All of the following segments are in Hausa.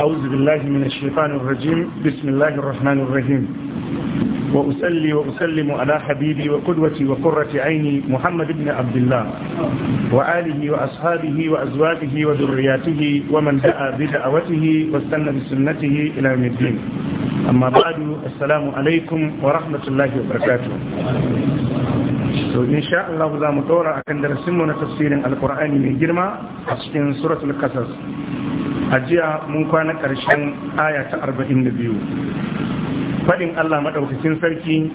أعوذ بالله من الشيطان الرجيم بسم الله الرحمن الرحيم وأسلي وأسلم على حبيبي وقدوتي وقرة عيني محمد بن عبد الله وآله وأصحابه وأزواجه وذرياته ومن دعا بدعوته واستنى بسنته إلى يوم الدين أما بعد السلام عليكم ورحمة الله وبركاته to insha Allah za mu dora akan darasinmu na tafsirin alkur'ani mai girma a cikin suratul kasas a jiya mun kwana ƙarshen aya ta biyu. faɗin Allah maɗaukacin sarki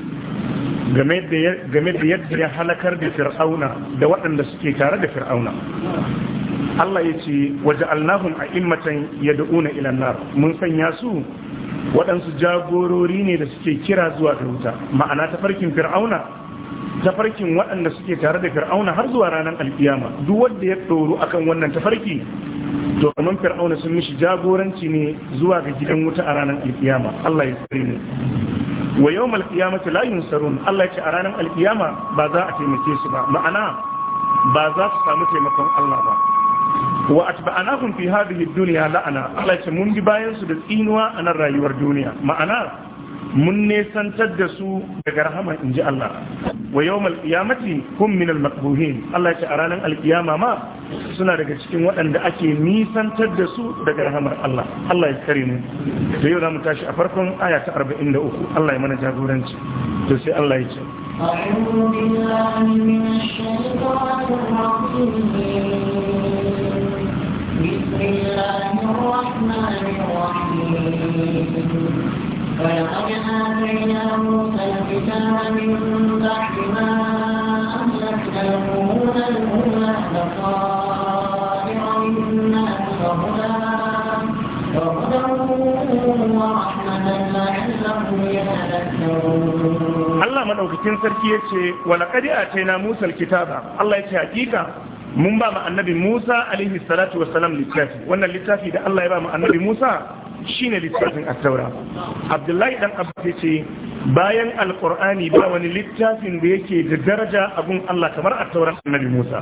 game da yadda ya halakar da fir'auna da waɗanda suke tare da fir'auna Allah ya ce waje alnahun a immatan ya na ilanar mun sanya su waɗansu jagorori ne da suke kira zuwa ga wuta ma'ana ta farkin fir'auna tafarkin waɗanda suke tare da fir'auna har zuwa ranar alkiyama duk wanda ya tsoro akan wannan tafarki to kamar fir'auna sun mishi jagoranci ne zuwa ga gidan wuta a ranar alkiyama Allah ya tsare ne wa yawmal qiyamati la yunsarun Allah ya ce a ranar alkiyama ba za a taimake su ba ma'ana ba za su samu taimakon Allah ba wa atba'anahum fi hadhihi dunya la'ana Allah ya ce mun bi bayan su da tsinuwa a nan rayuwar duniya ma'ana mun nesantar da su daga rahama in ji Allah wa yau qiyamati kun min almakbuhin Allah ya ce a ranar alkiyama ma suna daga cikin waɗanda ake nisantar da su daga rahamar Allah Allah ya kare mu da yau mu tashi a farkon aya ta 43 Allah ya mana jagoranci to sai Allah ya ce بسم الله الرحمن الرحيم Allah madaukakin sarki ya ce wa laqadi atayna Musa alkitaba Allah ya ce hakika mun ba mu annabi Musa alaihi salatu wassalam littafi wannan littafi da Allah ya ba mu annabi Musa shine littafin attaura abdullahi dan Abdullahi ce bayan Alƙur'ani ba wani littafin da yake da daraja a gun Allah kamar attauran annabi Musa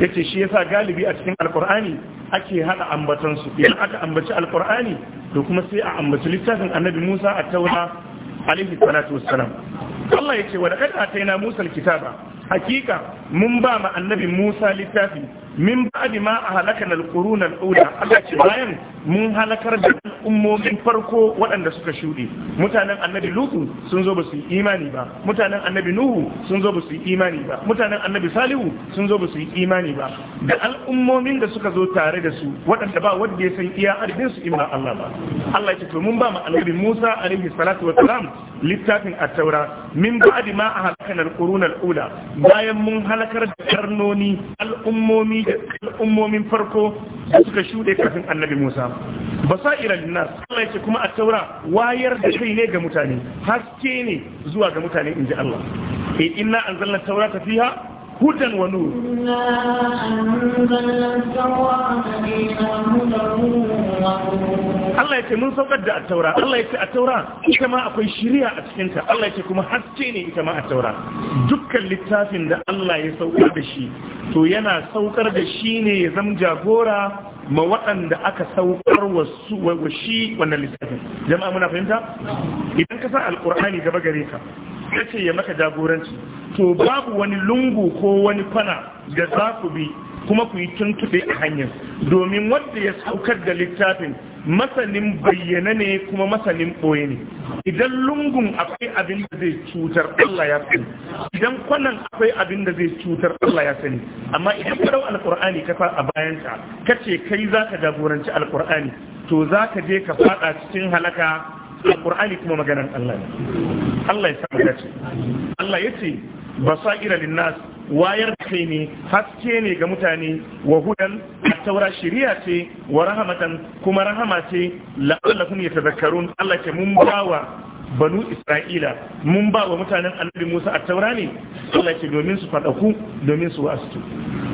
yace shi yasa galibi a cikin alkur'ani ake hada ambatan su idan aka ambaci alkur'ani to kuma sai a ambaci littafin annabi Musa attaura alaihi salatu wassalam Allah yace wa laqad atayna Musa alkitaba hakika mun ba ma annabi Musa littafi min ba'di ma ahlakana al-quruna al-ula Allah ce bayan mun halakar da al'ummomin farko waɗanda suka shuɗe mutanen annabi Lutu sun zo ba su yi imani ba mutanen annabi Nuhu sun zo ba su yi imani ba mutanen annabi Salihu sun zo ba su yi imani ba da al'ummomin da suka zo tare da su waɗanda ba wanda ya san iya arzikin su in ba Allah ba Allah ce to mun ba ma annabi Musa alaihi salatu wa salam littafin at-taura min ba'di ma ahlakana al-quruna al-ula bayan mun halakar da karnoni al'ummomi da al'ummomin farko da suka shuɗe kafin annabi Musa basairan nas Allah yake kuma a taura wayar da kai ne ga mutane haske ne zuwa ga mutane inji Allah eh inna anzalna taura fiha hudan wa Allah ya ce mun saukar da attaura Allah ya ce attaura ita ma akwai shiriya a cikinta Allah ya ce kuma haske ne ita ma attaura dukkan littafin da Allah ya saukar da shi to yana saukar da shi ne ya zama jagora ma waɗanda aka saukar wa shi wannan littafin jama'a muna fahimta idan ka sa alƙur'ani gaba gare ka ya ce ya maka jagoranci to babu wani lungu ko wani kwana da za ku bi kuma ku yi tuntuɓe a hanyar domin wanda ya saukar da littafin masanin bayyana ne kuma masanin ɓoye ne idan lungun akwai abin da zai cutar Allah ya sani idan kwanan akwai abin da zai cutar Allah ya sani amma idan ka dau Alƙur'ani ka sa a bayanta ka ce kai za ka jagoranci Alƙur'ani, to za ka je ka faɗa cikin halaka Alƙur'ani kuma maganar Allah ne Allah ya samu dace Allah ya ce basaira linnas wayar da kai ne haske ne ga mutane wa hudan taura shiriya ce wa rahamatan kuma rahama ce la'allakum yatadhakkarun Allah ke mun bawa banu isra'ila mun ba wa mutanen annabi musa a taura ne Allah ke domin su faɗaku domin su wasu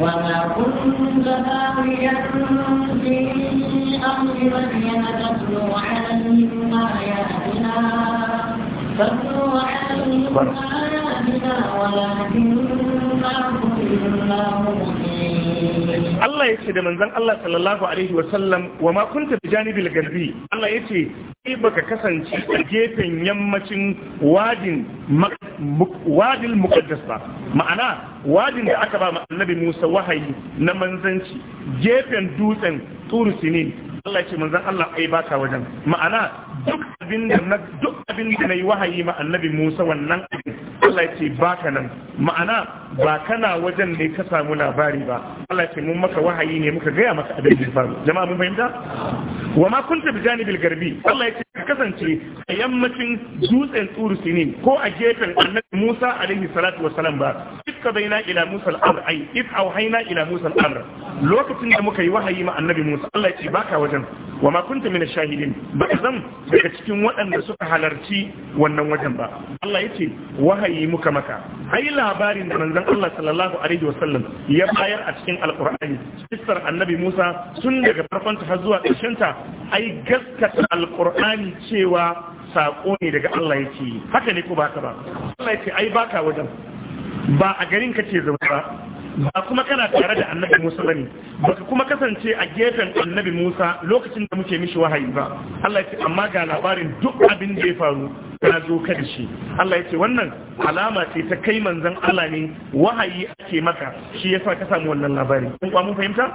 وما كنت هاويا في أرض مدين تتلو عليهم آياتنا تتلو عليهم آياتنا ولكن ما كنا مؤمنين Allah ya ce da manzan Allah sallallahu Alaihi wasallam wa makunta da janibil garbi Allah ya ce sai baka kasance a gefen yammacin wadin wadin mukaddas ba ma'ana wadin da aka ba annabi Musa wahayi na manzanci gefen dutsen turu sinin Allah ya ce manzan Allah ai baka wajen ma'ana duk abin da na yi wahayi ma annabi Musa wannan Allah ya ce ba ka nan ma'ana ba kana wajen ne ka samu labari ba Allah ce mun maka wahayi ne muka gaya maka abin da faru jama'a mun fahimta wa ma kunta bi janibil garbi Allah ya ce ka kasance a yammacin dutsen tsuru sinin ko a gefen annabi Musa alaihi salatu wa ba qadayna ila musa al-amr ay if awhayna ila musa al-amr lokacin da muka yi wahayi ma annabi musa Allah ya ce baka wajen wa ma kunta min ash-shahidin ba zan daga cikin waɗanda suka halarci wannan wajen ba Allah ya ce wahayi muka maka ai labarin da manzon Allah sallallahu alaihi wasallam ya bayar a cikin alqur'ani kissar annabi musa sun daga farkon ta har zuwa ƙarshen ta ai gaskata alqur'ani cewa sako ne daga Allah yake haka ne ko ba ka ba Allah ya ce ai baka wajen ba a garin kace zaune ba ba kuma kana tare da annabi Musa bane baka kuma kasance a gefen annabi Musa lokacin da muke mishi wahayi ba Allah ya ce amma ga labarin duk abin da ya faru na zo ka shi Allah ya ce wannan alama ce ta kai manzon Allah ne wahayi ake maka shi yasa ka samu wannan labari kun fahimta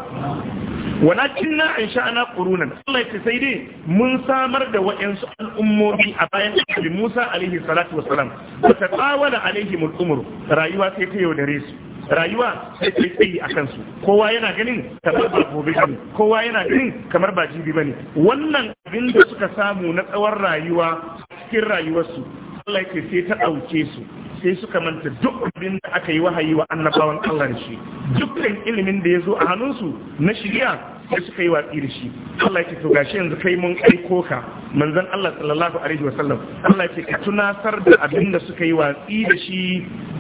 Wana walakin na an sha'ana qurunan Allah ya sai dai mun samar da wayansu al'ummomi a bayan Annabi Musa alaihi salatu wassalam ta tawala alaihi mulkumur rayuwa sai ta yaudare su rayuwa sai ta tsayi a kansu kowa yana ganin kamar ba gobe bane kowa yana ganin kamar ba jibi bane wannan abin da suka samu na tsawon rayuwa cikin rayuwarsu Allah ya sai ta dauke su sai suka manta duk abin da aka yi wahayi wa annabawan Allah da shi dukkan ilimin da ya zo a hannunsu na shirya sai suka yi watsi da shi Allah yake to gashi yanzu kai mun aiko ka manzon Allah sallallahu alaihi sallam. Allah yake ka tunasar da abin da suka yi watsi da shi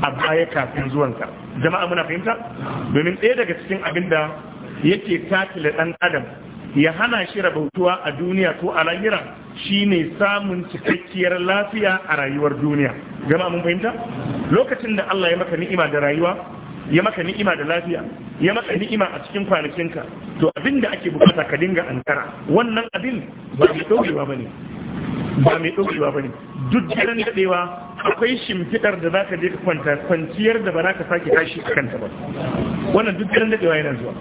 a baya kafin ka jama'a muna fahimta domin ɗaya daga cikin abin da yake takile dan adam ya hana shi rabautuwa a duniya ko a lahira shine samun cikakkiyar lafiya a rayuwar duniya gama mun fahimta lokacin da Allah ya maka ni'ima da rayuwa ya maka ni'ima da lafiya ya maka ni'ima a cikin kwanakin ka, to abin da ake bukata ka dinga ankara wannan abin ba mai dorewa bane ba mai bane duk daren daɗewa. akwai shimfidar da za ka je kwanta kwanciyar da ba za ka sake tashi a kanta ba wannan duk ganin daɗewa yana zuwa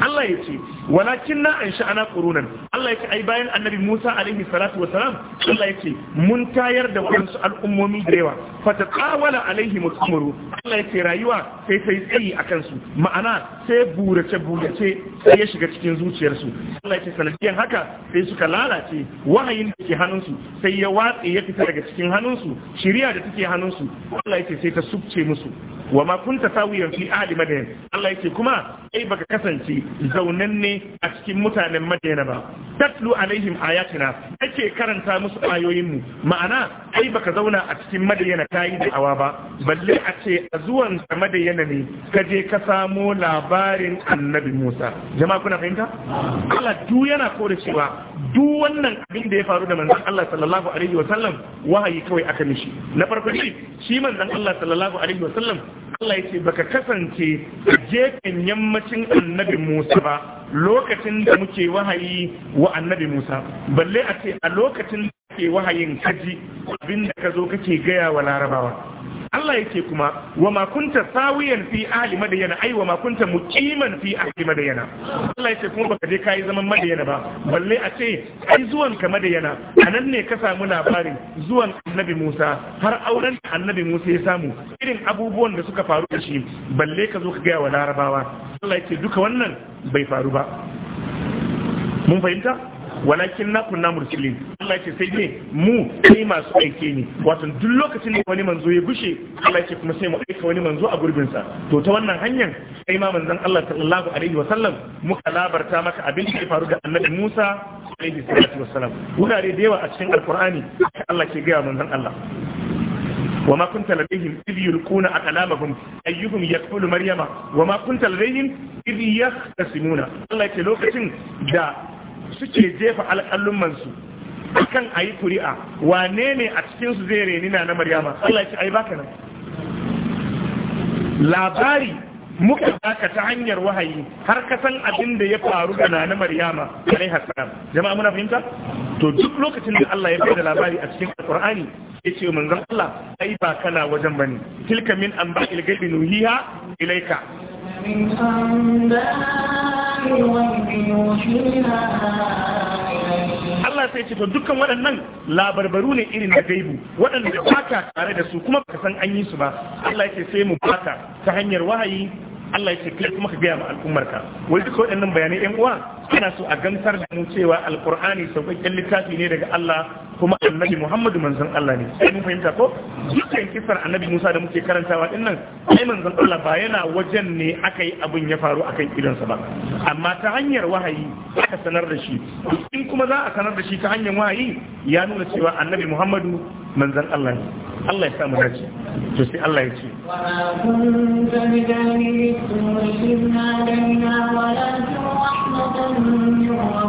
Allah ya ce walakin na an sha'ana ƙurunan Allah ya ce ai bayan annabi Musa alaihi salatu wa salam Allah ya ce mun tayar da waɗansu al'ummomi da yawa fata tsawala alaihi musamuru Allah ya ce rayuwa sai sai tsayi a kansu ma'ana sai burace burace sai ya shiga cikin zuciyarsu Allah ya ce sanadiyan haka sai suka lalace wahayin da ke hannunsu sai ya watse ya fita daga cikin hannunsu shirya da take hannunsu Allah yake sai ta subce musu wa ma kunta sawiyan fi ahli madayan Allah yake kuma ai baka kasance zaunan ne a cikin mutanen madayana ba tatlu alaihim ayatina ake karanta musu ayoyin mu ma'ana ai baka zauna a cikin madayana kayi da awa ba balle a ce a zuwan ka madayana ne ka je ka samo labarin annabi Musa jama'a kuna fahimta Allah du yana kore cewa duk wannan abin da ya faru da manzon Allah sallallahu alaihi wa sallam wahayi kawai aka mishi na farko shi manzon Allah sallallahu alaihi wa sallam Allah ya ce baka kasance gefen yammacin annabi Musa ba lokacin da muke wahayi wa annabi Musa balle a ce a lokacin ke wahayin kaji abinda ka zo kake gaya wa larabawa Allah yake kuma wa ma kunta sawiyan fi ahli madyana ai wa ma kunta muqiman fi ahli madyana Allah yake kuma baka je kai zaman madyana ba balle a ce ai zuwan ka madyana anan ne ka samu labarin zuwan annabi Musa har auren annabi Musa ya samu irin abubuwan da suka faru da shi balle ka zo ka ga wa larabawa Allah yake duka wannan bai faru ba mun fahimta walakin na kunna mursalin Allah ce sai ne mu kai masu aike ne wato duk lokacin da wani manzo ya gushe Allah ce kuma sai mu aika wani manzo a gurbin sa to ta wannan hanyar sai ma manzon Allah sallallahu alaihi wasallam muka labarta maka abin da ya faru da annabi Musa alaihi salatu wassalam wurare da yawa a cikin alqur'ani Allah ke ga manzon Allah وما كنت لديهم إذ يلقون أقلامهم أيهم يقتل مريم وما كنت لديهم إذ يختصمون الله يتلوكتن دا suke jefa alƙallumansu akan a yi kuri'a wane ne a cikinsu zai reni na na maryama Allah ya ce ai baka nan labari muka baka ta hanyar wahayi har kasan san abin da ya faru da na na maryama alai salam jama'a muna fahimta to duk lokacin da Allah ya bada labari a cikin alƙur'ani ya ce manzon Allah ai ba kana wajen bane tilka min anba'il ghaibi nuhiha ilaika من أنباء الغيب يوحيها Allah sai ce to dukkan waɗannan labarbaru ne irin na gaibu waɗanda baka tare da su kuma baka san an yi su ba Allah yake sai mu baka ta hanyar wahayi Allah yake kai kuma ka gaya ma al'ummarka wai duka waɗannan bayanai ɗan uwa ana so a gamsar da mu cewa alqur'ani sauƙaƙƙen littafi ne daga Allah kuma annabi muhammadu manzan Allah ne sai mun fahimta ko dukkan kisar annabi musa da muke karantawa din nan ai manzon Allah ba yana wajen ne aka yi abin ya faru akan idansa ba amma ta hanyar wahayi aka sanar da shi in kuma za a sanar da shi ta hanyar wahayi ya nuna cewa annabi muhammadu manzan Allah ne Allah ya sa mu dace to sai Allah ya ce wa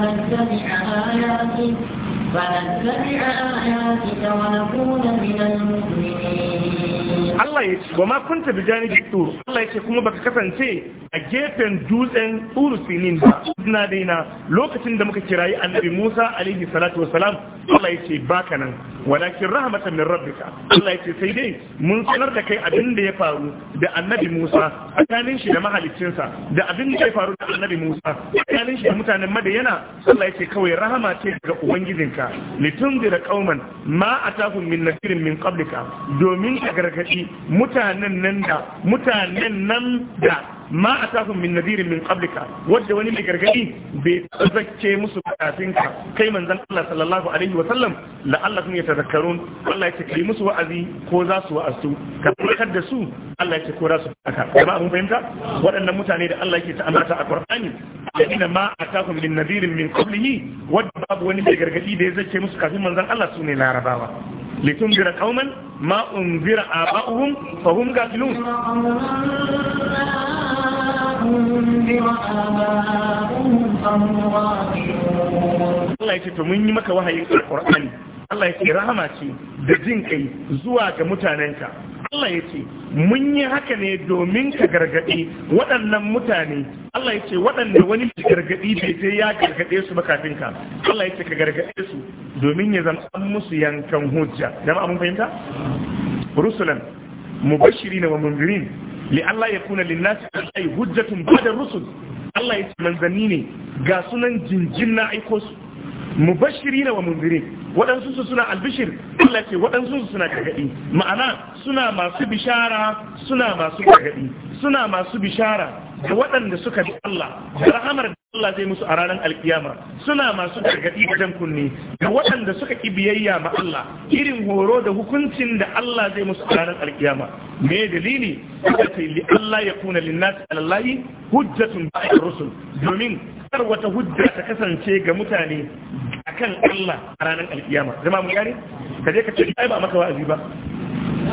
نتبع آياتك فنتبع آياتك ونكون من المؤمنين Allah ya ce wa ma kunta bi janibi tur Allah ya ce kuma baka kasance a gefen dutsen tur sinin ba na daina lokacin da muka kirayi annabi Musa alaihi salatu wassalam Allah ya ce baka nan walakin rahmatan min rabbika Allah ya ce sai dai mun sanar da kai abin da ya faru da annabi Musa tsakanin shi da mahaliccinsa da abin da ya faru da annabi Musa tsakanin shi da mutanen Madiyana Allah ya ce kawai rahama ce daga ubangijinka litunzira kauman ma a min nasirin min qablika domin ka gargadi mutanen nan da mutanen nan da ma a tafin min nazirin min kablika wadda wani mai gargadi bai zakke musu kafin ka kai manzon Allah sallallahu alaihi wa sallam la Allah kun yatazakkarun Allah ya ce musu wa'azi ko za su wa'azu ka farkar da su Allah ya ce ko za su fahimta waɗannan mutane da Allah yake ta a Qur'ani alladina ma atakum min nadirin min qablihi wadda babu wani mai gargadi da ya zace musu kafin manzon Allah sune larabawa litunzira qauman ma unzira aba'uhum fa hum ghafilun Allah ya ce to mun yi maka wahayin alqur'ani Allah ya ce rahama ce da jin kai zuwa ga mutanenka Allah ya ce mun yi haka ne domin ka gargaɗi waɗannan mutane Allah ya ce waɗanda wani mai gargaɗi bai sai ya gargaɗe su ba kafin ka Allah ya ce ka gargaɗe su domin ya zama an musu yankan hujja ma mun fahimta rusulan mubashirina wa munzirin li Allah ya kuna linnasi alai hujjatun ba'da rusul Allah ya ce manzanni ne ga sunan jinjin na aiko su mubashirina wa munzirin waɗansu su suna albishir Allah ce waɗansu su suna gargaɗi ma'ana suna masu bishara suna masu gargaɗi suna masu bishara da waɗanda suka bi Allah da rahamar da Allah zai musu a ranar alkiyama suna masu gargaɗi da jan kunne da waɗanda suka ki biyayya ma Allah irin horo da hukuncin da Allah zai musu a ranar alkiyama me dalili suka ce li Allah ya kuna linnati alallahi hujjatun ba'ir rusul domin kar wata hujja ta kasance ga mutane akan Allah a ranar alkiyama zama mun gane ka je ka ce ai ba maka wa'azi ba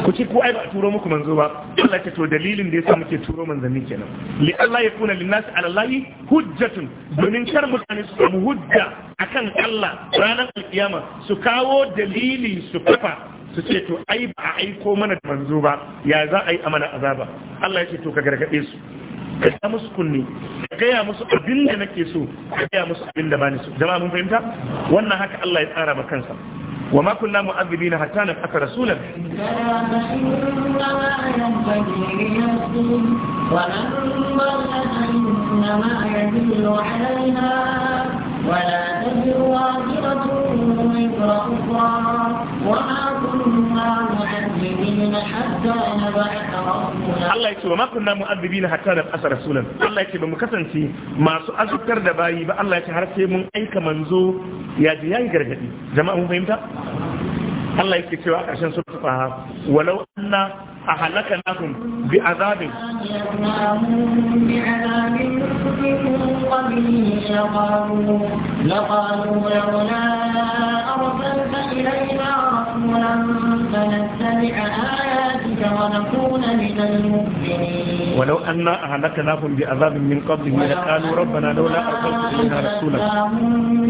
ku ce ko ai ba turo muku manzo ba Allah ta to dalilin da yasa muke turo manzanni kenan li Allah ya kuna lin nas ala Allah hujjatun domin kar mutane su samu hujja akan Allah ranar alkiyama su kawo dalili su kafa su ce to ai ba a aiko mana da manzo ba ya za a yi amana azaba Allah ya ce to ka gargade su ka ta musu kunne ka gaya musu abin da nake so ka gaya musu abin da bani so jama'a mun fahimta wannan haka Allah ya tsara ma kansa wa ma kunna mu'adhibina hatta nab'atha rasulan ولا تزر واجرة وزر أخرى وما كنا معين Allah ya ce wa ma kunna na hatta da asa rasulan Allah ya ce ba mu kasance masu azukar da bayi ba Allah ya ce har sai mun aika manzo ya ji yayi gargadi jama'a mun fahimta Allah ya ce cewa ƙarshen su faha walau anna a halaka nakun bi azabin لقالوا لو ولو أن أهلكناهم بعذاب من قبله لقالوا ربنا لولا أرسلت إلينا رسولا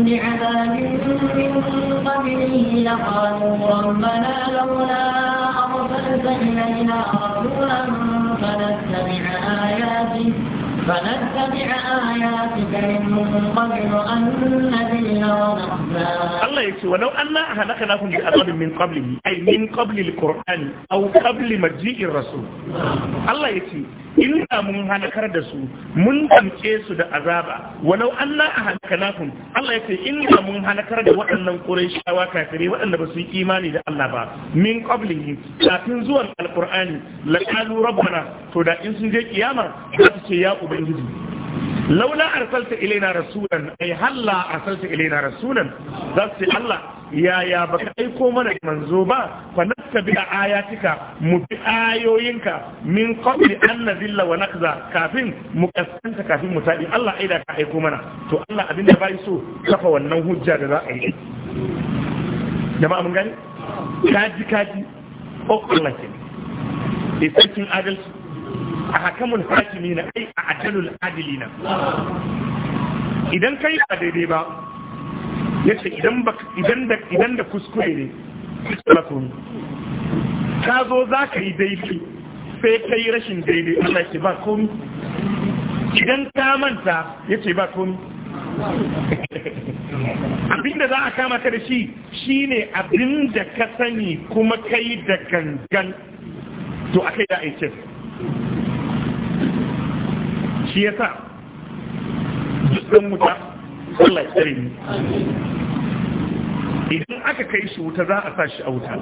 بعذاب من قبله لقالوا ربنا لولا أرسلت إلينا رسولا فنتبع آياته فنتبع آياتك من قبل أن نذل ونخزى الله يكسي ولو أن أهلكناهم بعذاب من قبله أي من قبل القرآن أو قبل مجيء الرسول الله يكسي inda mun halakar da su mun tamce su da azaba walau a ahlaknakum Allah ya in inda mun halakar da waɗannan Qurayshawa kafirai waɗanda ba su yi imani da Allah ba min qablihi kafin zuwan alqur'ani laqalu rabbana to da in sun je kiyama za su ce ya ubangiji laula arsalta ilaina rasulan ay halla arsalta ilaina rasulan zasu Allah yaya baka aiko mana manzo ba fa nattabi ayatika mu bi ayoyinka min qabli an nazilla wa nakza kafin mu kaskanta kafin mu tadi Allah ai da ka aiko mana to Allah abinda bai so kafa wannan hujja da za a yi jama'a mun gani kaji kaji o oh, Allah ke sarkin adalci a hakamun hakimi na ai a adalul adili na idan kai ba daidai ba idan ba idan da kuskure ne ka zo za ka yi daidai sai ka yi rashin daidai Allah ce ba komi idan ka manta ya ce ba komi abinda za a kama ka da shi shine abinda ka sani kuma kai da gangan to a kai da aikin shi yasa dukkan wuta Allah ya tsare idan aka kai shi wuta za a sashi a wuta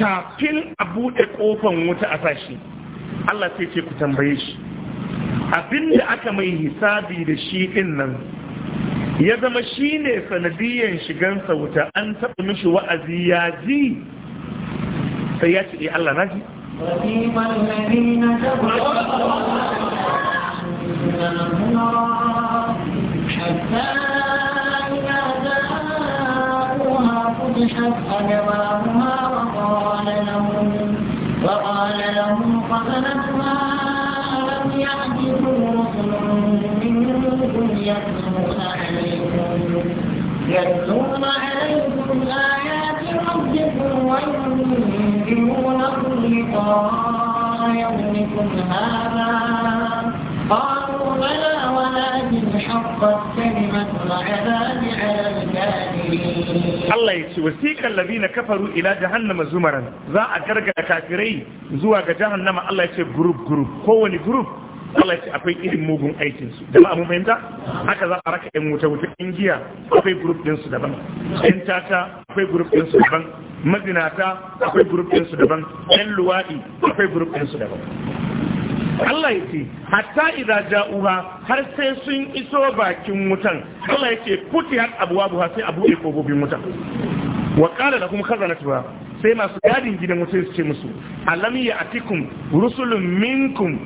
kafin a buɗe ƙofan wuta a sashi, Allah sai ce ku tambaye shi abinda aka mai hisabi da shi ɗin nan ya zama shi ne sanadiyan shigansa wuta an taɓa mishi wa'azi ya ji sai ya ce eh, Allah na ji حتى إذا فتحت وقال لهم وقال لهم ألم منكم عليكم يتلون عليكم آيات ربكم وينذرونكم لقاء يومكم هذا Allah ya ce wasiqal ladina kafaru ila jahannama zumaran za a gargada kafirai zuwa ga jahannama Allah ya ce group group kowani group Allah ya ce akwai irin mugun aikin su jama'a mun fahimta haka za a raka yan wuta wuta yan giya akwai group din su daban ɗan tata akwai group din su daban mazinata akwai group din su daban yan luwaɗi akwai group din su daban Allah ya ce hatta idza ja'uha har sai sun iso bakin wutan Allah ya ce har abwabu ha sai abu ya kofofin wutan wa qala lakum ba sai masu gadin gidan wutan su ce musu alam ya'tikum rusulun minkum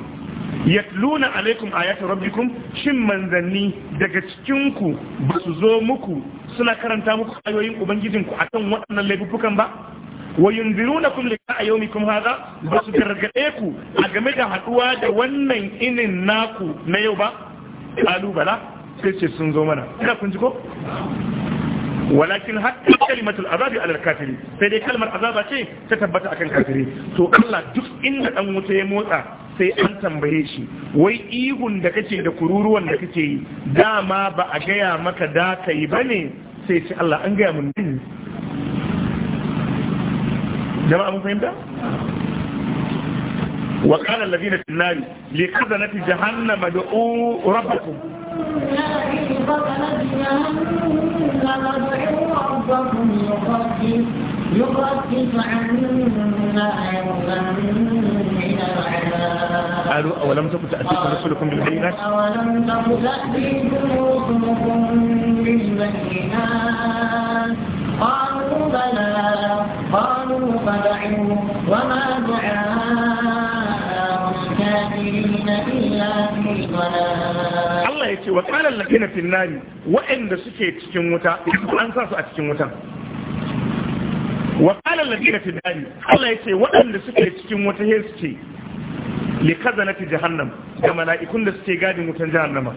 yatluna alaikum ayati rabbikum shin manzanni daga cikin ku ba su zo muku suna karanta muku ayoyin ubangijinku akan waɗannan laifukan ba wa yunzirunakum liqa yawmikum hadha ba su gargade ku a game da haɗuwa da wannan inin naku na yau ba kalu bala sai ce sun zo mana ina kun ji ko walakin hatta kalimatul azabi alal kafiri sai dai kalmar azaba ce ta tabbata akan kafiri to Allah duk inda dan wuta ya motsa sai an tambaye shi wai ihun da kake da kururuwan da kake yi dama ba a gaya maka da kai bane sai ce Allah an gaya mun وقال الذين في النار لخزنة جهنم ادعوا ربكم قالوا أولم تكن تأتيكم رسلكم بالبينات أولم تكن تأتيكم رسلكم بالبينات ربنا قالوا فدعوا وما دعاء الكافرين إلا في ضلال Allah ya ce wa ƙalar finnari waɗanda suke cikin wuta an sa su a cikin wutan wa ƙalar lafina finnari Allah ya ce waɗanda suke cikin wuta ya suke likazanati jahannam ga mala'ikun da suke gadin wutan jahannama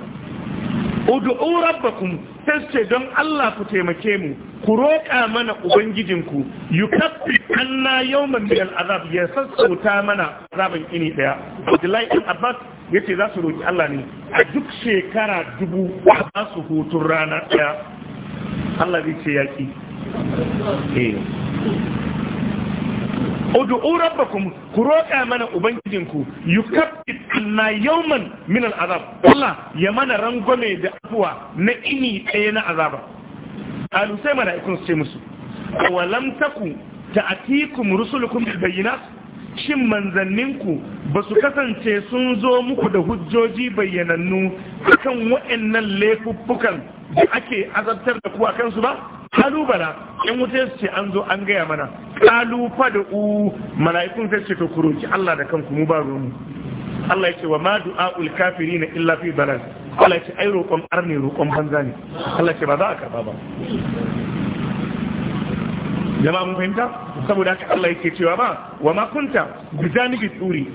Udu'u rabbakum sai don Allah ku taimake mu ku roƙa mana ubangijinku yukaffi anna yawman min al'azab ya sassauta mana azabin ini daya Abdullahi ibn Abbas yace za su roki Allah ne a duk shekara dubu za su hutun rana daya Allah zai ce yaki eh. Udu'u rabbakum ku roƙa mana ubangijinku yukaffi anna yawman min al'azab Allah ya mana rangwame da afuwa na ini ɗaya na azaba alu sai mala'ikun su ce musu lam taku ta'atikum rusulukum bil bayyinat shin manzanninku ba su kasance sun zo muku da hujjoji bayyanannu akan wa'annan laifuffukan da ake azabtar da ku a kansu ba bala in wuce su ce an zo an gaya mana kalu fadu mala'ikun sai ce to ku Allah da kanku mu ba ruwanmu Allah ya ce wa ma du'a'ul kafirina illa fi balal Allah ya ce ai roƙon arne roƙon banza ne Allah ya ce ba za a karba ba jama'a mun fahimta saboda haka Allah yake cewa ba wa ma kunta bi janibi tsuri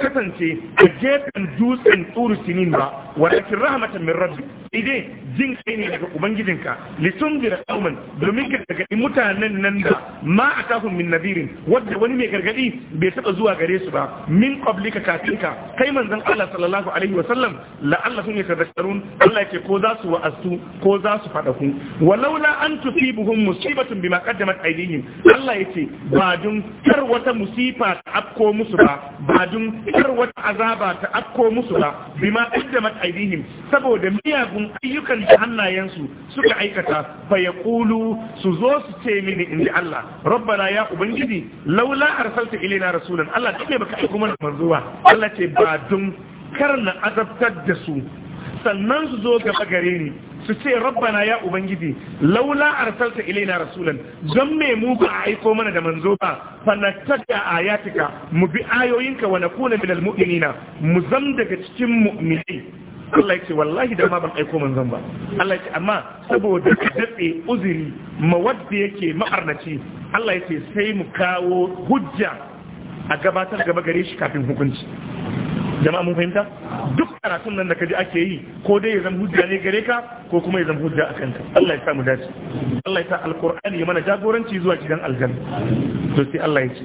kasance a gefen dutsen tsuru sinin ba walakin rahmatan min rabbi idan dai jin kai ne daga ubangijinka litun bi kauman domin ka gargaɗi mutanen nan da ma a kafin min nabirin wadda wani mai gargaɗi bai taɓa zuwa gare su ba min qablika kafin ka kai manzon Allah sallallahu alaihi wa sallam sun yaka yatadhakkarun Allah yake ko za su asu ko za su ku walaula an tusibuhum musibatun bima qaddamat aydihim Allah yace ba dun kar wata musifa ta afko musu ba ba dun kar wata azaba ta afko musu ba bima qaddamat aydihim saboda miyagun miyagun ayyukan da hannayensu suka aikata fa kulu su zo su ce mini inji Allah rabbana ya ubangiji laula arsalta ilaina rasulan Allah dake baka aiko mana manzo ba Allah ce ba dun karna azabtar da su sannan su zo gaba gare ni su ce rabbana ya ubangiji laula arsalta ilaina rasulan zan me mu ba a aiko mana da manzo ba fa tada ayatika mu bi ayoyinka wa nakuna minal mu'minina mu zam daga cikin mu'minai Allah ya ce wallahi da ma ban aiko manzon ba Allah ya ce amma saboda daɗe uzuri mawadda yake ma'arnaci Allah ya ce sai mu kawo hujja a gabatar gaba gare shi kafin hukunci jama'a mun fahimta duk karatun nan da kaji ake yi ko dai ya zama hujja ne gare ka ko kuma ya zama hujja a kanka Allah ya sa mu dace Allah ya sa alqur'ani ya mana jagoranci zuwa gidan aljanna to sai Allah ya ce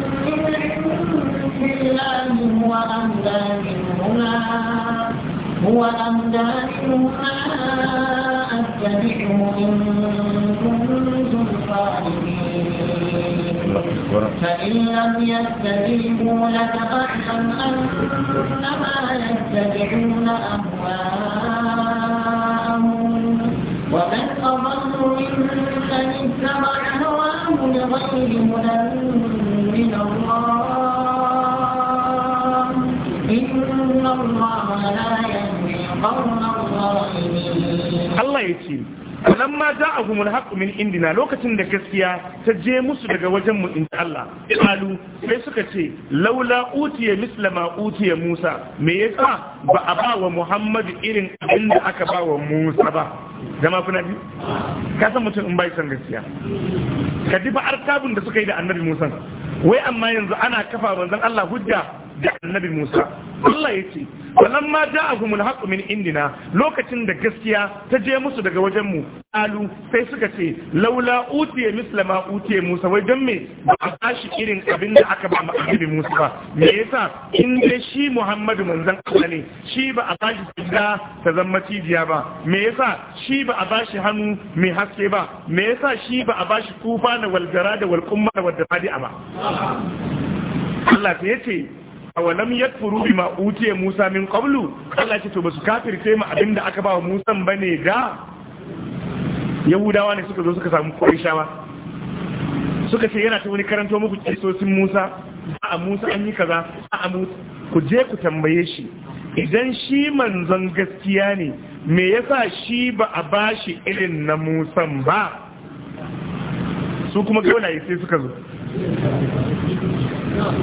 هو أهدى منهما هو منهما أتبعه إن كنتم فإن لم يستجيبوا لك فاعلم أنما يتبعون أهواءهم ومن أضل ممن اتبع هواه لغير هدى من الله Allah ya ce, Kulan ma za a gumul haƙu min indina lokacin da gaskiya ta je musu daga wajen mu in Allah. Kalu sai suka ce, Laula utiye mislama utiye Musa, me yasa ba a ba wa Muhammadu irin abin da aka ba wa Musa ba. Jama kuna bi? Ka san mutum in bai san gaskiya. Ka difa arkabun da suka yi da annabi Musa. Wai amma yanzu ana kafa manzon Allah hujja da annabi Musa Allah ya ce walamma a haqqu min indina lokacin da gaskiya ta je musu daga wajen mu alu sai suka ce laula utiye mislama ma utiye Musa wai dan me ba a bashi irin abin da aka ba ma annabi Musa ba me yasa in dai shi Muhammadu manzan Allah ne shi ba a bashi ta zama cijiya ba me yasa shi ba a bashi hannu mai haske ba me yasa shi ba a bashi tufa na walgara da walqumma da wadda ba Allah ta yace lam yakfuru bima utiya Musa min qablu Allah ce to ba basu kafirce mu abinda aka ba Musa bane da Yahudawa ne suka zo suka samu ba suka ce yana ta wani karanto muku kisosin Musa a Musa an yi kaza a Musa ku je ku tambaye shi idan shi manzon gaskiya ne me yasa shi ba a bashi irin na Musa ba su kuma yi sai suka zo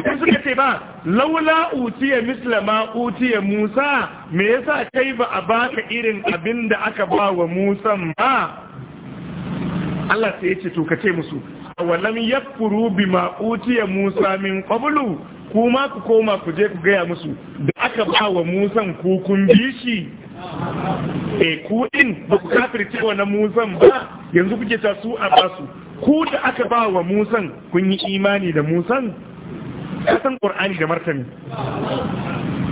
sai suka ce ba laula utiya misla ma utiya musa me yasa kai ba a baka irin abin da aka ba wa musa ba Allah sai ya ce to ka ce musu awalam yakfuru bima utiya musa min qablu kuma ku koma ku je ku gaya musu da aka ba wa musan ku kun bi shi e ku din ba ku kafirce wa na musan ba yanzu kuke ta su a basu ku da aka ba wa musan kun yi imani da musan ka san qur'ani da martani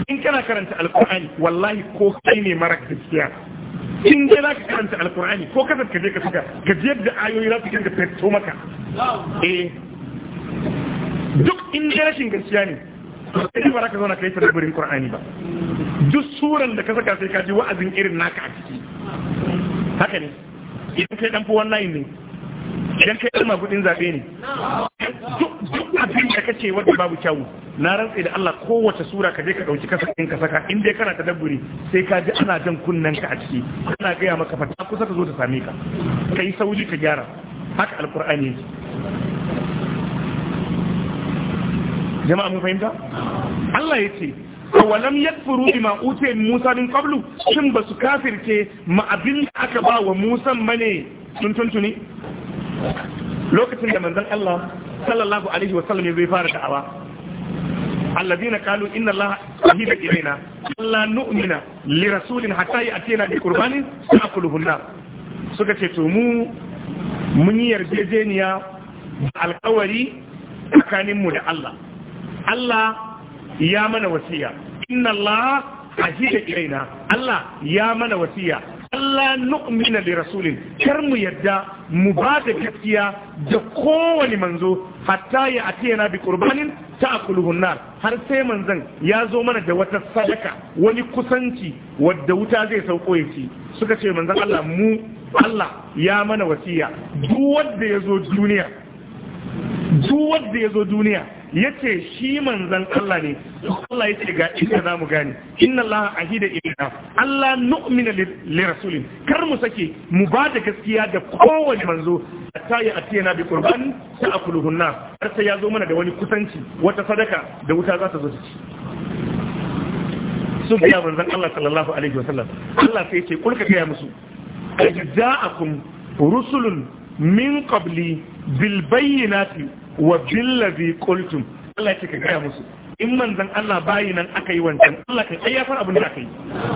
in kana karanta alqur'ani wallahi ko kai ne mara gaskiya in dai za ka karanta alqur'ani ko kasar ka je ka suka ka je da ayoyi za su kinga fetto maka eh. duk in dai rashin gaskiya ne sai ba za ka zauna kai tadabburin qur'ani ba duk suran da ka saka sai ka ji wa'azin irin naka a ciki haka ne idan kai dan fi wannan ne idan kai ilma kudin zabe ne duk abin da kace wanda babu kyawu na rantsi da Allah kowace sura ka je ka dauki kasa in ka saka in dai kana tadabburi sai ka ji ana jan kunnen ka a ciki ana gaya maka fata kusa ka zo ta same ka kai sauri ka gyara haka alqur'ani jama'a mun fahimta Allah yace awalam yakfuru bima utiya Musa min qablu shin basu kafirce ma abin da aka ba wa Musa mane tuntuntuni. lokacin da manzon Allah sallallahu alaihi wa sallam ya fara da'awa alladina qalu inna Allah shahida ilaina la nu'mina li rasulin hatta yatina bi qurbanin ta'kuluhu nar suka ce to mu mun yi yarjejeniya alkawari tsakanin mu da Allah Allah ya mana wasiya inna Allah shahida ilaina Allah ya mana wasiya Allah nukmina li rasulin kar mu yadda mu ba da gaskiya da kowane manzo hatta ya yana bi qurbanin ta'kuluhun nar har sai manzan ya zo mana da wata sadaka wani kusanci wadda wuta zai sauko ya ci suka ce manzon Allah mu Allah ya mana wasiya duk wadda ya ya zo duniya ya ce shi manzan Allah ne Allah ya ce ga inda za mu gane inna Allah hida ina Allah nu'mina li rasulin kar mu sake mu ba da gaskiya da kowane manzo ta yi atiyana bi kurban ta a akuluhunna har sai ya zo mana da wani kusanci wata sadaka da wuta za ta zo ta ci sun gaya manzan Allah sallallahu alaihi sallam Allah sai ce kulka gaya musu ajza'akum rusulun min qabli bil bayyinati wa billazi qultum Allah ya ce ka gaya musu in manzan Allah bayi nan aka yi wancan Allah kan ai ya san abin da aka yi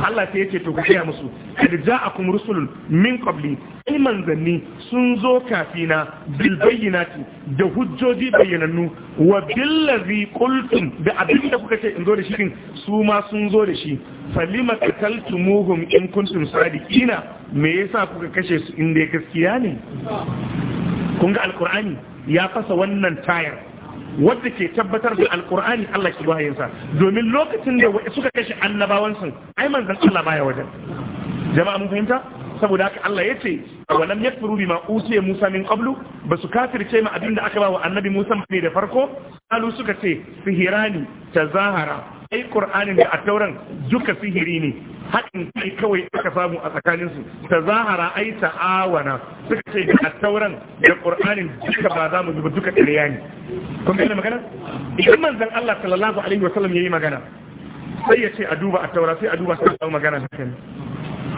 Allah sai ya ce to ka gaya musu kad ja'akum rusulun min qabli ai manzanni sun zo kafina bil bayyinati da hujjoji bayyanannu wa billazi qultum da abin da kuka ce in zo da shi su ma sun zo da shi falima qataltumuhum in kuntum sadiqina me yasa kuka kashe su in dai gaskiya ne kun ga alqur'ani ya fasa wannan tayar wadda ke tabbatar da alkur'ani Allah ke wahayinsa domin lokacin da suka kashe annabawansu ai manzon Allah baya wajen jama'a mun fahimta saboda haka Allah ya ce walam yakfuru bima utiya Musa min qablu basu kafirce ma abinda aka ba wa annabi Musa ne da farko alu suka ce ta tazahara ai qur'anin da attauran duka sihiri ne haɗin kai kawai aka samu a tsakaninsu ta zahara ai ta'awana suka ce da attauran da qur'anin duka ba za mu zuba duka ɗariya ne kun gane magana idan manzon Allah sallallahu alaihi wa wasallam yayi magana sai ya ce a duba attaura sai a duba sai a magana haka ne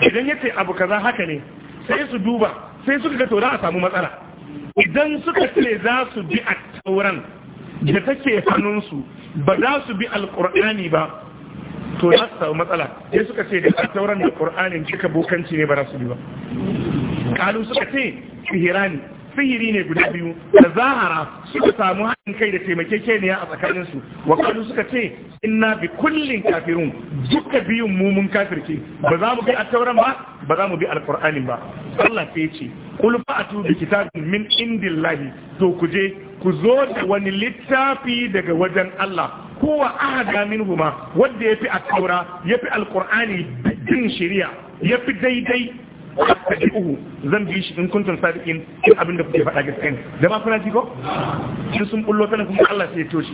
idan ya ce abu kaza haka ne sai su duba sai suka ga to za a samu matsala idan suka ce za su bi attauran da take hannunsu ba za su bi alƙur'ani ba to za su samu matsala sai suka ce da attauran da ƙur'anin duka bokanci ne ba za su bi ba kalu suka ce sihirani sihiri ne guda biyu da zahara suka samu haɗin kai da taimakekeniya a tsakaninsu wa kalu suka ce inna bi kullin kafirun duka biyun mumun kafirce ba za mu bi attauran ba ba za mu bi alƙur'anin ba Sallah sai ce kul fa'atu bi kitabin min indillahi to ku je ku zo da wani littafi daga wajen Allah kowa ahada minhuma wanda yafi a taura yafi al-qur'ani din shari'a yafi daidai uku zan bi shi in kuntum sadiqin in abin da kuke faɗa gaskiya ne da ba kuna ji ko shi sun bullo tana kuma Allah sai ya toshi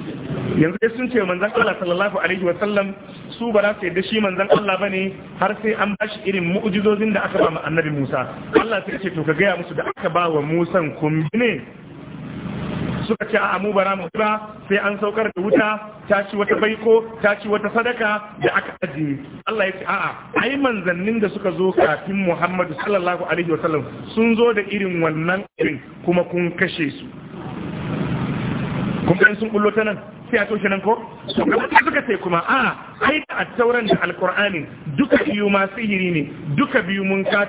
yanzu sun ce manzon Allah sallallahu alaihi wa sallam su ba za su yadda shi manzon Allah bane har sai an ba shi irin mu'jizozin da aka ba mu annabi Musa Allah sai ya ce to ka gaya musu da aka ba wa Musa kun ne suka ce a mu bara mu ba sai an saukar da wuta ta ci wata baiko ta ci wata sadaka da aka aje Allah ya ce a'a ai manzannin da suka zo kafin Muhammadu sallallahu alaihi wasallam sun zo da irin wannan irin kuma kun kashe su kun sun bullo ta nan sai a toshe nan ko suka ce kuma a ah, ai da attauran da alkur'ani duka biyu ma sihiri ne duka biyu mun sai,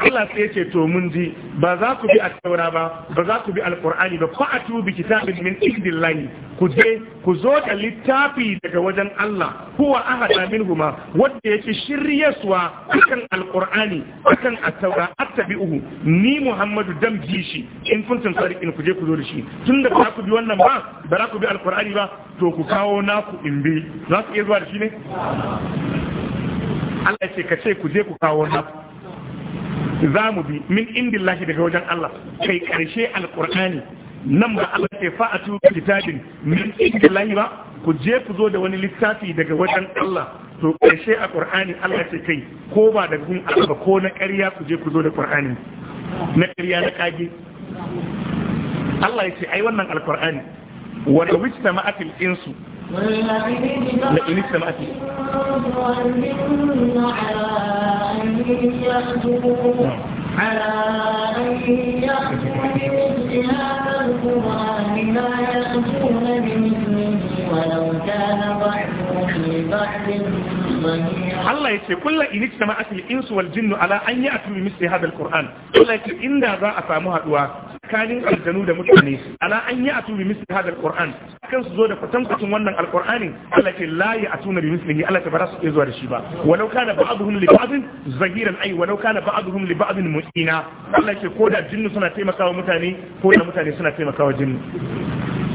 Allah sai ya ce to mun ji ba za ku bi a attaura ba ba za ku bi alkur'ani ba fa'atu bi kitabin min indillahi ku je ku zo da littafi daga wajen Allah huwa ahada minhuma wanda yake shiryaswa akan alqur'ani akan at-taura attabi'uhu ni Muhammadu dan bi shi in kuntum sadiqin ku je ku zo da shi tunda ba ku bi wannan ba ba za ku bi alqur'ani ba to ku kawo naku in bi za ku iya zuwa da shi ne Allah ce ka ce ku je ku kawo naku za mu bi min indillahi daga wajen Allah kai karshe alqur'ani nan ba Allah ce fa fa'atu kitabin min inda lahi ba ku je ku zo da wani littafi daga wajen Allah to ƙarshe a ƙur'ani Allah ce kai ko ba daga gun Allah ba ko na ƙarya ku je ku zo da ƙur'ani na ƙarya na kage Allah ya ce ai wannan alƙur'ani wa la wajtama'at al insu la in al-insu على أن يأتوا بمثل هذا القرآن لا يأتون بمثله ولو كان بعضهم لبعض Allah ya ce kulla ini ta ma'atul insu wal jinnu ala an yi atumi misli hadal Qur'an Allah ya ce inda za a samu haduwa tsakanin aljanu da mutane ala an yi atumi misli hadal Qur'an kan su zo da kwatankwacin wannan alkur'ani Allah ce la a atuna bi mislihi Allah ta bara su iya zuwa da shi ba walau kana ba'dhum li ba'dhin zahiran ay walau kana ba'dhum li ba'dhin mu'ina Allah ce ko da jinnu suna taimakawa mutane ko da mutane suna taimakawa jinnu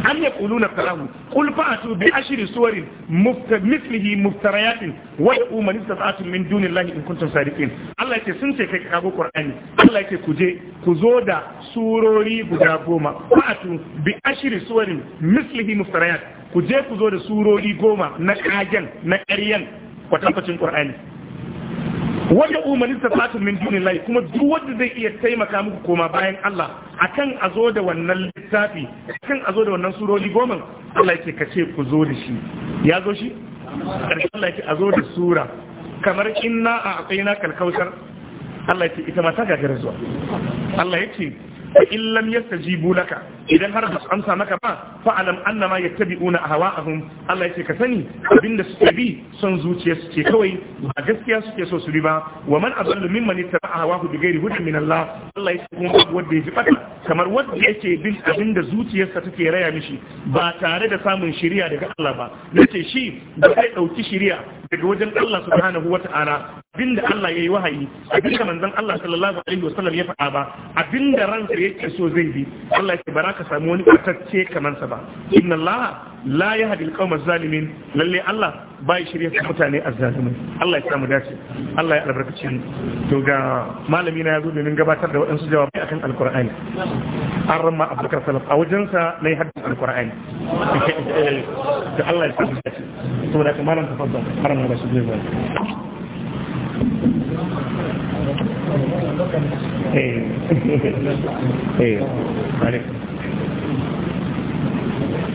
am yaquluna kalamu qul fa'atu bi ashri suwarin mithlihi muftariyatin wa yaqu man istata'tum min dunillahi in kuntum sadiqin Allah ce sun ce kai kago qur'ani Allah ce ku ku zo da surori guda goma fa'atu bi ashri suwarin mislihi mustarayat ku je ku zo da surori goma na kagen na ƙaryan kwatankwacin qur'ani wanda umarni ta fatu min lai kuma duk wanda zai iya taimaka muku koma bayan Allah akan a zo da wannan littafi akan a zo da wannan surori goma Allah yake kace ku zo da shi ya zo shi karshen Allah yake a zo da sura kamar inna a akwai kalkausar Allah yake ita ma ta gagara zuwa Allah yake fa in lam yastajibu laka idan har ba su amsa maka ba fa alam annama a ahwa'ahum Allah yake ka sani abinda suke bi son zuciyarsu ke kawai ba gaskiya suke so su bi ba wa man adallu mimman ittaba ahwa'ahu bighairi hudin min Allah Allah yake kuma wanda yake fata kamar wanda yake bin abinda zuciyarsa take raya mishi ba tare da samun shiriya daga Allah ba nace shi ba zai ɗauki shiriya daga wajen Allah wata ara. abinda Allah ya yi wahayi abinda manzon Allah sallallahu alaihi wasallam ya faɗa ba abinda ransa yake so zai bi Allah ya bara ka samu wani kwatacce kamar sa ba inna Allah la yahdi al-qawma zalimin lalle Allah ba ya shirya ka mutane azzalimai Allah ya samu dace Allah ya albarkace mu to ga malami na yazo domin gabatar da waɗansu jawabai akan alqur'ani an ramma abubakar salaf a wajen sa nayi haddin alqur'ani da Allah ya samu dace saboda kamar an tafaddal har mun ga shi zai eh eh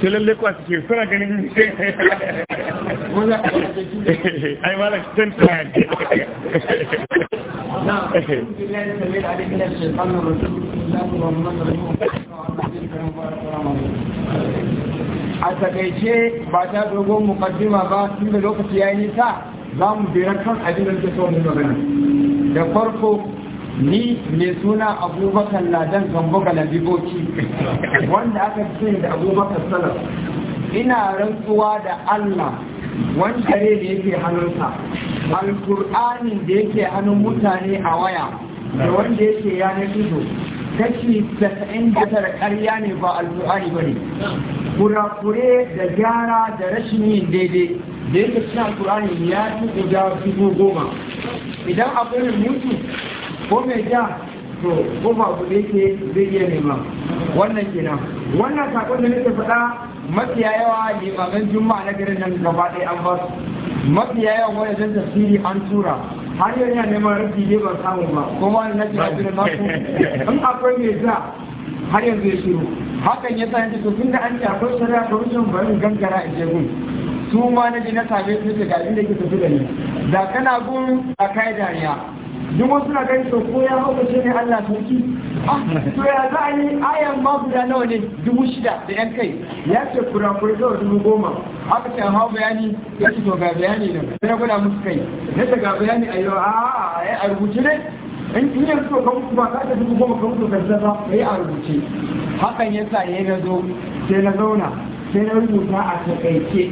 lalle kuwa suna ganin a takaice ba ta dogon mukaddima ba tun da lokaci ya yi nisa za mu jera kan abin da suke da magana da farko ni mai suna abubakar ladan gambo galabiboci wanda aka ce da abubakar salam ina rantsuwa da allah wanda ne da yake hannunsa alkur'anin da yake hannun mutane a waya da wanda yake yanar gizo kashi 99 karya ne ba alkur'ani ba ne kurakure da gyara da rashin yin daidai da yake cikin alkur'ani ya fi guda dubu goma idan akwai mai mutu ko mai ja to goma abu da yake zai iya nema wannan kenan wannan sakon da nake faɗa mafiya yawa maganin juma'a na garin nan gaba ɗaya an ba su mafiya yawa wani zan tafsiri an tura har yau yana neman rafi ne ban samu ba kuma na ce a jirin nasu in akwai mai ja har yanzu ya shiru hakan ya sa yanzu to tun da an ce akwai shari'a ta wucin bari gangara a jegun su ma na je na same su ce ga da ke tafi da ni da kana gun a kai dariya duk wasu na gani to ko ya hauka shi ne Allah ki ah, to ya za a yi ayan ma guda nawa ne dubu shida da yan kai ya ce kurakuri zuwa dubu goma aka ce hau bayani ya ce to ga bayani nan sai na gwada musu kai ne da ga bayani a yau a a rubuce ne in in yanzu to kan ba ka ta dubu goma kan to kaza ka kai a rubuce hakan yasa yayi na zo sai na zauna sai na rubuta a takaice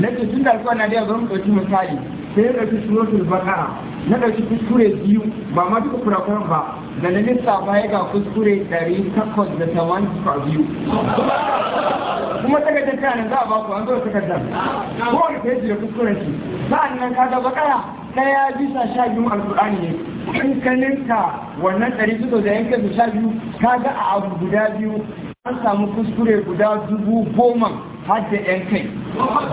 na tun da zuwa na da zan ɗauki misali sai ya ɗauki suratul baqara na ɗauki kuskure biyu ba ma duka kurakuran ba da na lissafa ya ga kuskure ɗari takwas da tawan suka biyu kuma takardar ta nan za a baku an zo takardar kowane yi da kuskuren shi sa'an nan ka ga bakara ɗaya bisa sha biyu alƙur'ani ne in ka ta wannan ɗari su da yanke su sha biyu ka ga a abu guda biyu an samu kuskure guda dubu goma hadda yan kai ba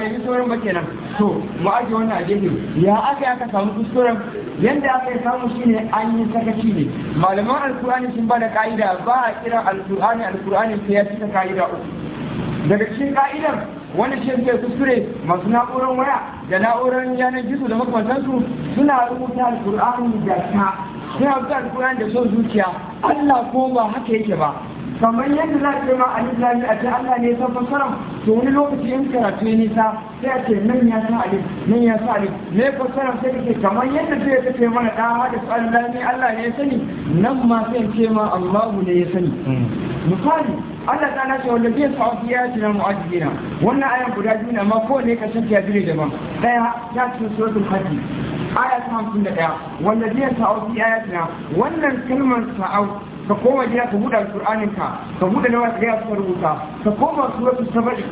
da sauran ba kenan to mu wani wannan a gefe ya aka aka samu kuskuren yanda aka samu shine an yi sakaci ne malaman alkur'ani sun ba da ka'ida ba a kira alkur'ani alkur'ani sai ya cika ka'ida uku daga cikin ka'idar wani shi kuskure masu na'urar waya da na'urar yanar gizo da makamantansu suna rubuta alkur'ani da ta suna rubuta alkur'ani da son zuciya Allah ko ba haka yake ba kamar yadda za a ce ma alif lam a ce Allah ne san fassarar to wani lokaci in karatu ya nisa sai a ce nan ya sa alif nan ya sa alif me fassarar sai kake kamar yadda zai ta ce mana da hada su Allah ne Allah ne ya sani nan ma sai ce ma Allahu ne ya sani misali Allah ta nace wanda zai sa ya ce na mu'ajjina wannan ayan guda biyu ne amma kowanne ka san ya dire daban daya ya ce suratul hajj aya ta 51 wanda zai sa ya ce wannan kalmar sa'au ka koma gida ka buɗe alƙur'anin ka ka buɗe nawa ka gaya suka rubuta ka koma suratu sabai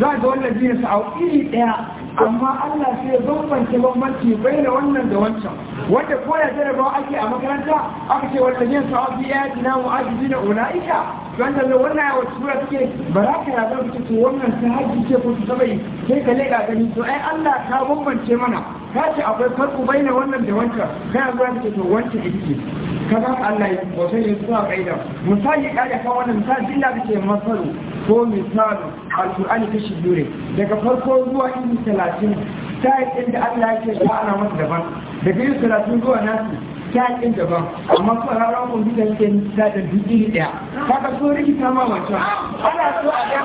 za ga wannan jini sa a iri ɗaya amma Allah sai ya bambance bambanci bai da wannan da wancan wanda ko ya jarabawa ake a makaranta aka ce wanda jin sa wasu ya ji na mu'ajibi na ula'ika wanda zai wannan ya wacce sura take ba za ka yaga ku ce wannan ta hajji ce ko sabai sai ka leƙa gani to ai Allah ta bambance mana ka ce akwai farko bai da wannan da wancan kai a zuwa ce to wancan ita ce kaga Allah ya wato ya zuwa kaida misali kada ka wannan misali illa da ke masaru ko misali alqur'ani kashi biyu ne daga farko zuwa inda talatin ta din da Allah ya yake ba ana masa daban daga yin talatin zuwa nasu sai din daban amma fararen mun da yake da da dubi ɗaya. kaga so rikita ma wancan ana so a ga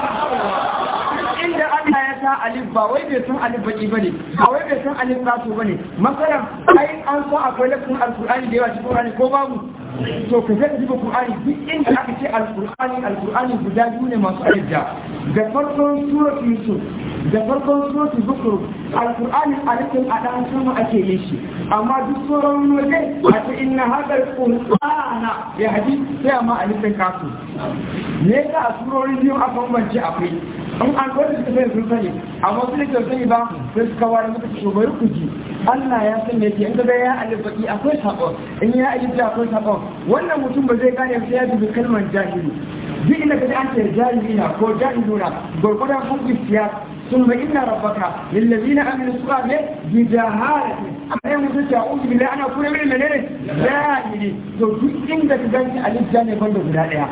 inda Allah ya ta alif ba wai bai san alif baki bane ba wai bai san alif ba bane masalan ai an so akwai lafin alqur'ani da yawa cikin alqur'ani ko babu to ka ga duba Qur'ani duk inda aka ce Al-Qur'ani guda biyu ne masu ayyuka da farkon suratul Yusuf da farkon suratul Zukhruf Al-Qur'ani a rikin a ɗan sama ake yin shi amma duk sauran waje a ce inna hadal qur'ana ya hadi sai amma a rikin kasu ne ka a surorin biyu a umarci akwai in an gwada suka sai sun sani amma su ne ba sai suka ware muka shugabari ku Allah ya san me yake in ga ya alfaqi akwai sako in ya alfaqi akwai sabon wannan mutum ba zai kare sai ya dubi kalman jahili bi inda ka ji an tsaye jahili na ko jahili na gurgurda kun sun ba inna rabbaka lillazina amanu suka me bi jahalati amma yanzu sai ya ubi bila ana kure mini menene jahili to duk inda ka ji alfaqi ne banda guda daya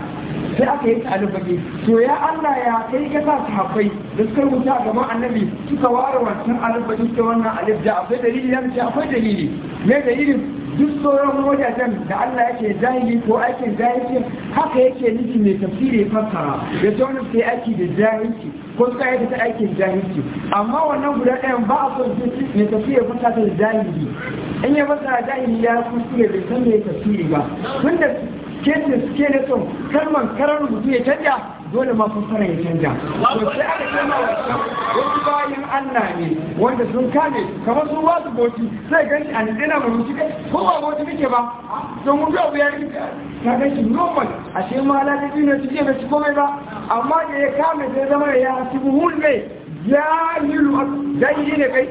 sai aka yi ta baki to ya Allah ya kai ka sa haƙai da suka rubuta gaban annabi suka ware wancan alif ta wannan alif da akwai dalili ya ce akwai dalili me dalilin duk sauran wajajen da Allah yake jahili ko aikin jahilci haka yake nufi mai tafsiri fassara ya ce wani sai aiki da jahilci ko suka aiki ta aikin jahilci amma wannan guda ɗayan ba a son mai tafsiri fassara da jahili in ya fassara jahili ya kuskure bai san mai tafsiri ba tun da da suke da son kalman karar rubutu ya canja dole ma fara ya canja to sai aka kama wasu bayan Allah ne wanda sun kame kamar sun ba su sai gan shi a nitsina mai mutu kai ko ba boti kake ba don mutu abu ya yi ta gan shi normal a ce ma lalabi ne su ce bai ci komai ba amma da ya kame sai zama ya hasibu mai ya yi lu'ad dan yi ne kai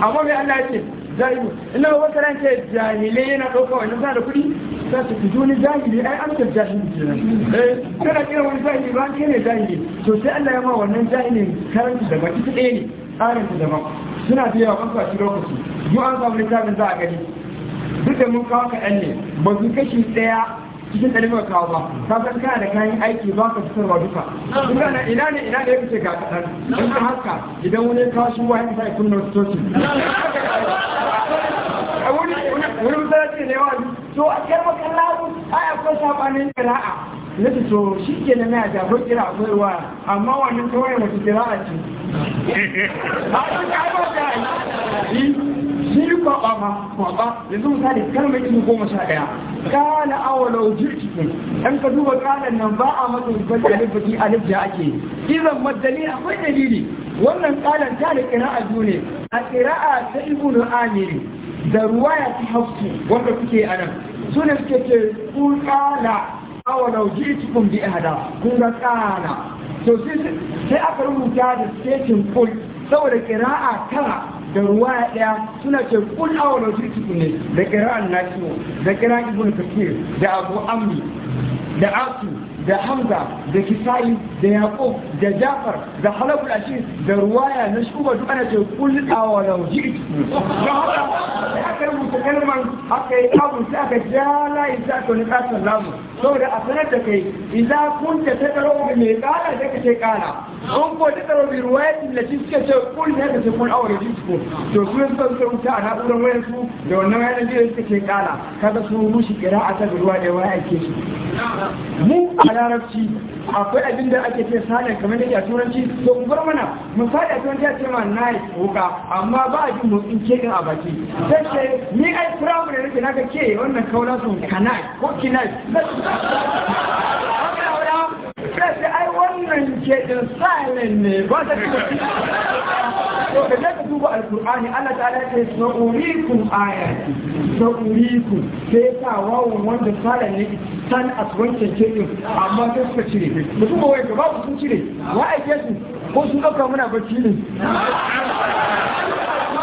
amma mai Allah ya ce jahili ina ba karan ce jahilai yana ɗauka wani sa da kuɗi za su fi ni jahili ai an ta jahili kenan eh kana kira wani jahili ba ke ne jahili to sai Allah ya ma wannan jahilin karanta da baki ta ɗaya ne tsarin su daban suna da yawa kan kwaci lokaci mu an samu littafin za a gani duk da mun kawo kaɗan ne ba su kashi ɗaya cikin ɗari mai kawo ba ka san kana da kayan aiki ba ka fitarwa duka duka na ina ne ina da ya fice ga kaɗan in ka haka idan wani kawo shi wa ya fita ya kunna wasu toshi a wuri wuri masallaci ne wani to a kai makallahu ai akwai shafanin kira'a. Na su to ke na da ko kira akwai wa amma wannan kawai wata kira'a ce a to ka ba ta yi shi yi ba ma ko ba yanzu misali kalmar ilimi goma sha daya kana awalau jirki dan ka duba kalan nan ba a masa ibad alif bi alif da ake idan madali akwai dalili wannan kalan ta da qira'a ne a kira'a ta ibnu amiri da ruwa ya ci hafsu wanda kuke a nan su ne suke ce kun kala awalau kun bi ihda kun ga kala to sai aka rubuta da statin kul saboda kira'a tara da ruwa ya ɗaya suna ce kul awalau ji'tukum ne da kira'an nasiru da kira'an ibn kafir da abu amri da asu da hamza da kisa'i da yaqub da jafar da halab al-ashir da ruwaya na shuba duk ana ce da wajen ji'tu da haka da aka yi rubuta kalman aka yi abu sai aka jala isa ko ne kasan lamu saboda a sanar da kai idza ta tadru bi mai ƙala da kake kana an ko tadru bi ruwayatin da suke ce kul ne da aure awra ko. to su sun san sun ta na suran wayan da wannan wayan da suke kake kana kaga su mushi kira ta ruwa da waya ke shi mu a larabci akwai abin da ake ce sanin kamar da ya turanci to ku bar mana misali a turanci ya ce ma na wuka amma ba a jin motsin ke a baki sai ce ni ai firamare nake naka ke wannan kaula sun kanai ko kinai sai ai wannan ke din silent ne ba ta kuma So, da ka duba Alkur'ani, Allah ta'ala ya ce sa'urikun ayati sa'urikun. sai ta wawo wanda silent ne san as wancan ke amma sai suka cire mutum wai gaba sun cire wa ake su ko sun ɗauka muna bacci ne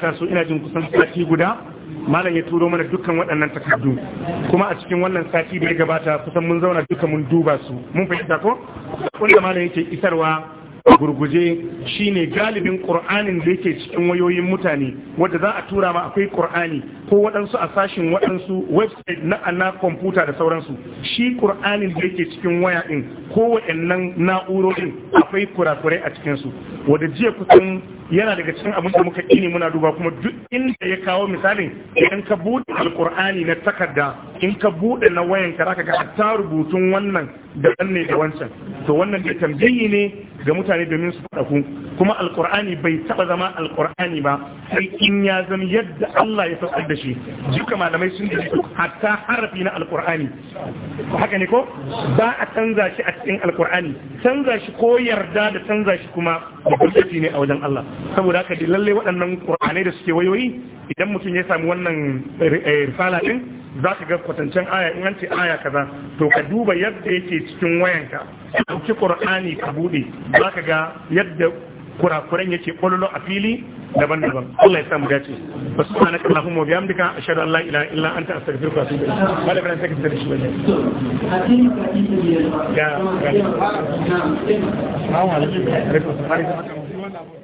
ta ina jin kusan sati guda malam ya turo mana dukkan waɗannan takardu kuma a cikin wannan sati da ya gabata kusan mun zauna duka mun duba su mun fahimta ko wanda malam yake isarwa gurguje shine galibin qur'anin da yake cikin wayoyin mutane wanda za a tura ma akwai qur'ani ko waɗansu a sashin waɗansu website na ana kwamfuta da sauransu shi qur'anin da yake cikin waya din ko waɗannan na'urorin akwai kurakurai a cikinsu wanda jiya kusan yana daga cikin abin da muka kini muna duba kuma duk inda ya kawo misalin idan ka buɗe alkur'ani na takarda in ka buɗe na wayan ka zaka ga hatta rubutun wannan da ne da wancan to wannan da tambayi ne ga mutane domin su faɗaku kuma alƙur'ani bai taɓa zama alƙur'ani ba sai in ya zama yadda Allah ya saukar da shi duka malamai sun da hatta harafi na alƙur'ani haka ne ko ba a canza shi a cikin alƙur'ani canza shi ko yarda da canza shi kuma hukunci ne a wajen Allah saboda haka lallai waɗannan ƙur'anai da suke wayoyi idan mutum ya samu wannan eh, eh, risala ɗin za ka ga kwatancen aya in an ce aya kaza to ka duba yadda yake cikin wayanka ɗauki ƙur'ani ka buɗe za ka ga yadda kurakuren yake ƙwallo a fili daban-daban Allah ya mu dace ba su ana kan lafin mabiya duka a shaɗu Allah ila illa an ta a kwasu da ba da kanan da ga